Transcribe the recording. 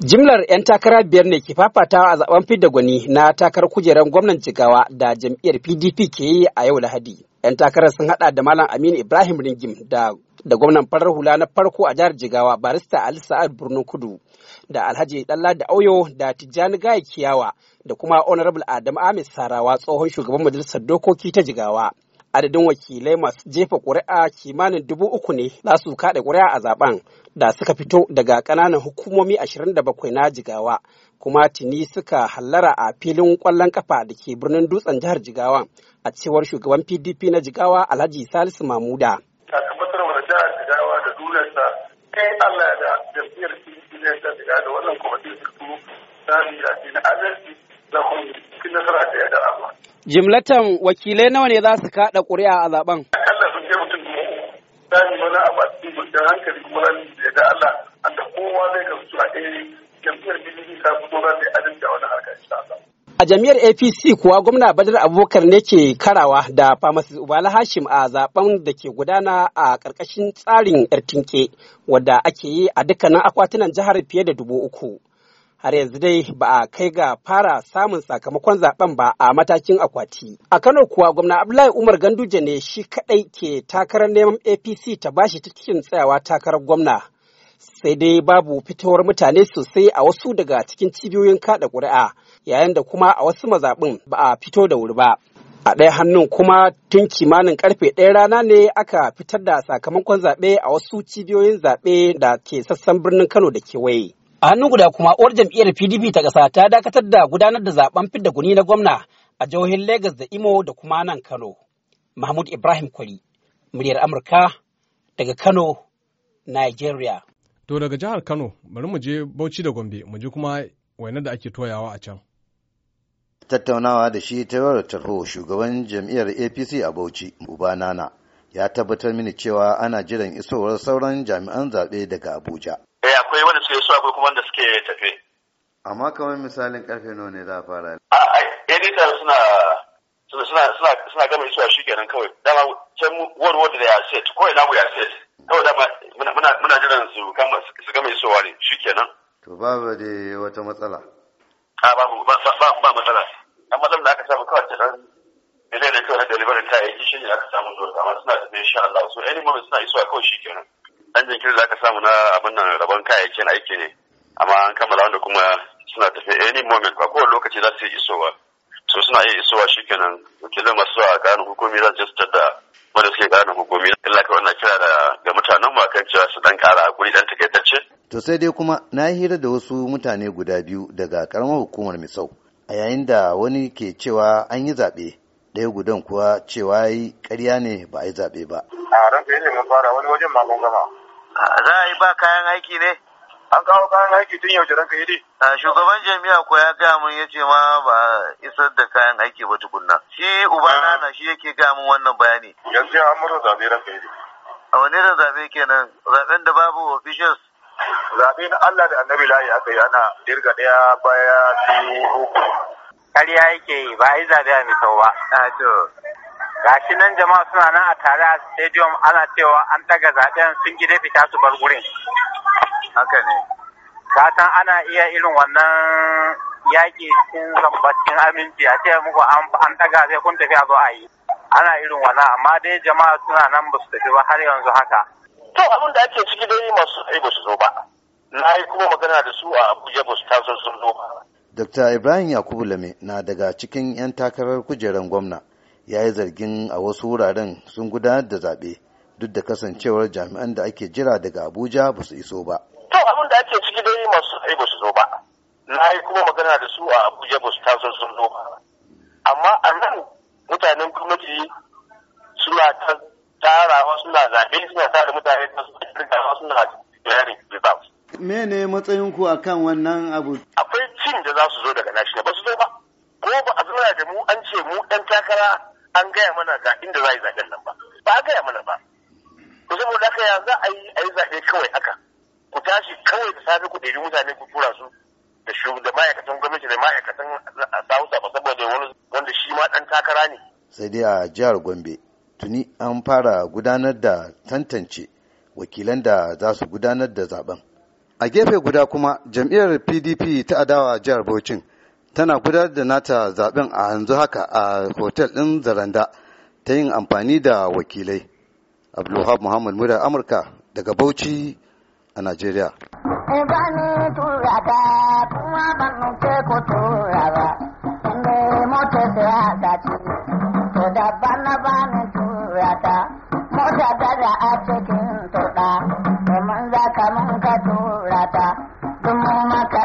Jimlar 'yan takara biyar ne ke fafata a zaben fidda gwani na takarar kujerar gwamnan jigawa da jam'iyyar PDP ke yi a yau Lahadi. 'Yan takarar sun hada da Malam Aminu Ibrahim Ringim da, da gwamnan farar hula na farko a jihar Jigawa barista Ali Sa'ad Birnin Kudu da Alhaji Dalla da Auyo da Tijjani Gaya Kiyawa da kuma Honorable Adam Ahmed Sarawa tsohon shugaban majalisar dokoki ta Jigawa. adadin wakilai masu jefa ƙuri'a kimanin dubu uku ne za su kaɗa ƙuri'a a zaben da suka fito daga ƙananan hukumomi ashirin da bakwai na jigawa kuma tuni suka hallara a filin ƙwallon kafa da ke birnin dutsen jihar jigawa a cewar shugaban pdp na jigawa alhaji salisu mamuda jihar jigawa da dunarsa kai allah da jam'iyyar pdp ne ta jigawa Jimlatan wakilai nawa ne za su kaɗa ƙuri'a a zaben? Allah sun kai mutum za mu mana a batun da hankali kuma da da Allah an da kowa zai su a ɗaya jam'iyyar PDP ta fito za ta yi adalci a wani harkar insha A jam'iyyar APC kuwa gwamna Badar Abubakar ne ke karawa da Famasi Ubala Hashim a zaben da ke gudana a ƙarƙashin tsarin 'yar tinke wadda ake yi a dukkanin akwatunan jihar fiye da dubu uku. har yanzu dai ba a kai ga fara samun sakamakon zaben ba a matakin akwati. A Kano kuwa gwamna Abdullahi Umar Ganduje ne shi kadai ke takarar neman APC ta bashi ta cikin tsayawa takarar gwamna. Sai dai babu fitowar mutane sosai a wasu daga cikin cibiyoyin kada ƙuri'a yayin da kuma a wasu mazaɓin ba a fito da wuri ba. A ɗaya hannun kuma tun kimanin karfe ɗaya rana ne aka fitar da sakamakon zaɓe a wasu cibiyoyin zaɓe da ke sassan birnin Kano da kewaye. a hannun guda kuma uwar jam'iyyar pdp ta ƙasa ta dakatar da gudanar da zaben fidda guni na gwamna a jihohin Legas da imo da kuma nan kano mahmud ibrahim kwari muryar amurka daga kano nigeria to daga jihar kano bari mu je bauchi da gombe mu je kuma wainar da ake toyawa a can tattaunawa da shi ta wayar tarho shugaban jam'iyyar apc a bauchi uba nana ya tabbatar mini cewa ana jiran isowar sauran jami'an zaɓe daga abuja eh akwai wanda suke so akwai kuma wanda suke tafe amma kamar misalin karfe nawa ne za a fara a editor suna suna suna suna suna gama isuwa shi kenan kawai dama can word word da ya set ko ina mu ya set kawai dama muna muna muna jiran su kama su gama isuwa ne shi kenan to babu da wata matsala a babu ba ba matsala amma dan da aka samu kawai ta dan da ne da kawai da delivery ta yi shi ne aka samu zuwa amma suna da insha Allah so any moment suna isuwa kawai shi kenan dan jinkiri da aka samu na abin nan rabon kayayyakin aiki ne amma an kammala wanda kuma suna tafi eh, any moment ba kowane lokaci za su yi isowa so suna iya isowa shikenan wakilin masu a ganin hukumi za su je su wanda suke ganin hukumi illa kawai na kira da ga mutanen mu akan cewa su dan ƙara hakuri dan takaitacce. to sai dai kuma na yi hira da wasu mutane guda biyu daga karamar hukumar misau a yayin da wani ke cewa an yi zaɓe ɗaya gudan kuwa cewa yi ƙarya ne ba a yi zaɓe ba. a ranka yi mun fara wani wajen ma gama. za a yi ba kayan aiki ne an kawo kayan aiki tun yau ranka yi dai shugaban jami'a ko ya gaya mun yace ma ba isar da kayan aiki ba tukunna shi uba na shi yake gaya mun wannan bayani yanzu an murna zabe ranka yi a wani da zabe kenan zaben da babu officials zabe na Allah da Annabi layi aka yi ana dirga daya baya biyu uku Kariya yake yi ba a yi zabe a mai ba a to gashi nan jama'a suna nan a tare a stadium ana cewa an daga zaben sun gida fita su bar gurin haka ne satan ana iya irin wannan yaƙi cikin zambacin aminci a ce muku an daga sai kun tafi a zo a yi ana irin wannan amma dai jama'a suna nan ba su tafi ba har yanzu haka to abin da ake ciki dai masu ai ba su zo ba na yi kuma magana da su a abuja ba su taso sun zo ba Dr. Ibrahim Yakubu Lame na daga cikin 'yan takarar kujerar gwamna. ya yi zargin a wasu wuraren sun gudanar da zaɓe duk da kasancewar jami'an da ake jira daga abuja ba su iso ba to abin da ake ciki yi masu ai ba su zo ba na yi kuma magana da su a abuja ba su taso sun zo ba amma a nan mutanen gwamnati suna ta tarawa suna zaɓe suna tara mutane suna kirgawa suna yari results mene matsayin ku akan wannan abu akwai cin da za su zo daga national ba su zo ba ko ba a zama da mu an ce mu ɗan takara an gaya mana ga inda za a yi zaɓen nan ba ba a gaya mana ba ku saboda haka ya za a yi a yi zaɓe kawai haka ku tashi kawai da safe ku ɗebi mutane ku tura su da shugaban da ma'aikatan gwamnati da ma'aikatan sausa ba saboda wani wanda shi ma ɗan takara ne. sai dai a jihar gombe tuni an fara gudanar da tantance wakilan da za su gudanar da zaben a gefe guda kuma jam'iyyar pdp ta adawa jihar bauchin tana gudanar da nata zaben a yanzu haka a hotel ɗin zaranda ta yin amfani da wakilai abdulwahab muhammad mura amurka daga bauchi a najeriya Mota daga a cikin turɗa, domin za ka mun ka turata, domin maka